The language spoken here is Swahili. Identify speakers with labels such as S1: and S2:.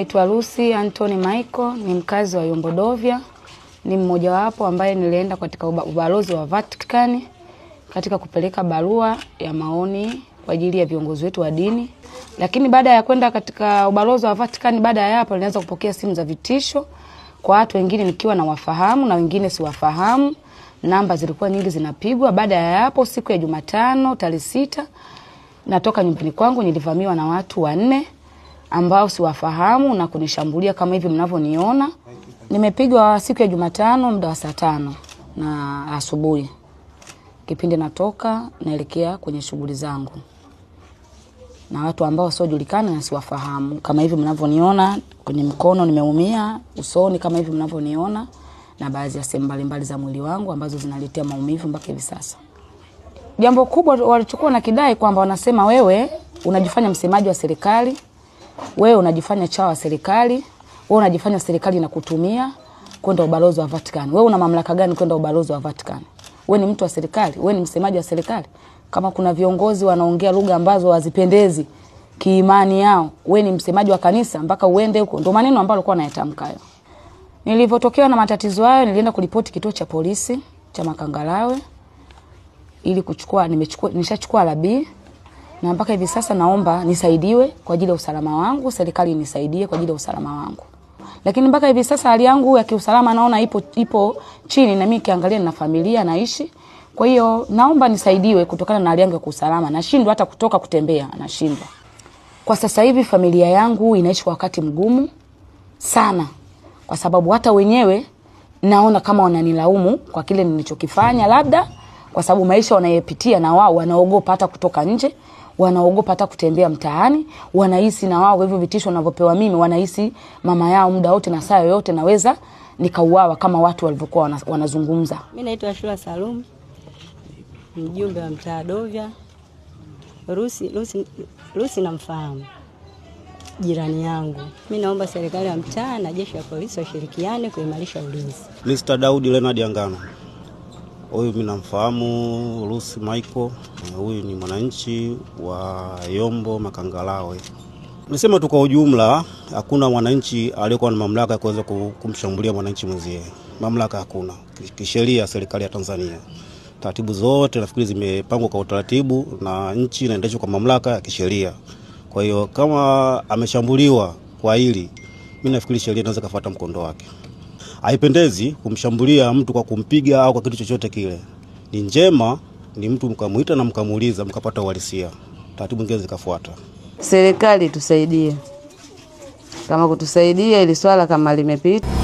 S1: Naitwa Lucy Anthony Michael, ni mkazi wa Yombodovia, ni mmojawapo ambaye nilienda katika ubalozi wa Vatican katika kupeleka barua ya maoni kwa ajili ya viongozi wetu wa dini. Lakini baada ya kwenda katika ubalozi wa Vatican, baada ya hapo nilianza kupokea simu za vitisho kwa watu wengine nikiwa nawafahamu na wengine siwafahamu. Namba zilikuwa nyingi zinapigwa. Baada ya hapo, siku ya Jumatano tarehe sita, natoka nyumbani kwangu, nilivamiwa na watu wanne ambao siwafahamu na kunishambulia kama hivi mnavyoniona. Nimepigwa siku ya Jumatano muda wa saa tano na asubuhi, kipindi natoka naelekea kwenye shughuli zangu na watu ambao wasiojulikana na siwafahamu. Kama hivi mnavyoniona, kwenye mkono nimeumia, usoni kama hivi mnavyoniona, na baadhi ya sehemu mbalimbali za mwili wangu ambazo zinaletea maumivu mpaka hivi sasa. Jambo kubwa walichukua na kidai kwamba wanasema wewe unajifanya msemaji wa serikali wewe unajifanya chawa wa serikali, wewe unajifanya serikali inakutumia kwenda ubalozi wa Vatican. Wewe una mamlaka gani kwenda ubalozi wa Vatican? Wewe ni mtu wa serikali? Wewe ni msemaji wa serikali? Kama kuna viongozi wanaongea lugha ambazo hazipendezi kiimani yao, wewe ni msemaji wa kanisa mpaka uende huko? Ndio maneno ambayo alikuwa anayatamka hayo. Nilivyotokewa na matatizo hayo, nilienda kulipoti kituo cha polisi cha Makangalawe ili kuchukua, nimechukua nishachukua la B na mpaka hivi sasa naomba nisaidiwe kwa ajili ya usalama wangu, serikali nisaidie kwa ajili ya usalama wangu. Lakini mpaka hivi sasa hali yangu ya kiusalama naona ipo, ipo chini, na mimi kiangalia na familia naishi. Kwa hiyo naomba nisaidiwe kutokana na hali yangu ya kiusalama, nashindwa hata kutoka kutembea, nashindwa kwa sasa hivi. Familia yangu inaishi kwa wakati mgumu sana, kwa sababu hata wenyewe naona kama wananilaumu kwa kile nilichokifanya, labda kwa sababu maisha wanayepitia na wao wanaogopa hata kutoka nje wanaogopa hata kutembea mtaani, wanahisi na wao hivyo vitisho wanavyopewa mimi, wanahisi mama yao muda wote na saa yoyote naweza nikauawa kama watu walivyokuwa wanazungumza.
S2: mi naitwa Ashura Salum, mjumbe wa mtaa Dovya. Rusi, Rusi, Rusi namfahamu jirani yangu. Mi naomba serikali ya mtaa na jeshi la polisi washirikiane kuimarisha ulinzi.
S3: Lista Daudi Leonard Angano. Huyu mimi namfahamu Rusi Michael, huyu ni mwananchi wa Yombo Makangalawe. Nisema tu kwa ujumla, hakuna mwananchi aliyekuwa na mamlaka ya kuweza kumshambulia mwananchi mwenzie. Mamlaka hakuna kisheria. Serikali ya Tanzania, taratibu zote nafikiri zimepangwa kwa utaratibu, na nchi inaendeshwa kwa mamlaka ya kisheria. Kwa hiyo kama ameshambuliwa kwa hili, mimi nafikiri sheria inaweza kufuata mkondo wake haipendezi kumshambulia mtu kwa kumpiga au kwa kitu chochote kile. Ni njema ni mtu mkamuita na mkamuuliza, mkapata uhalisia, taratibu nyingine zikafuata.
S2: Serikali tusaidie, kama kutusaidia ili swala kama limepita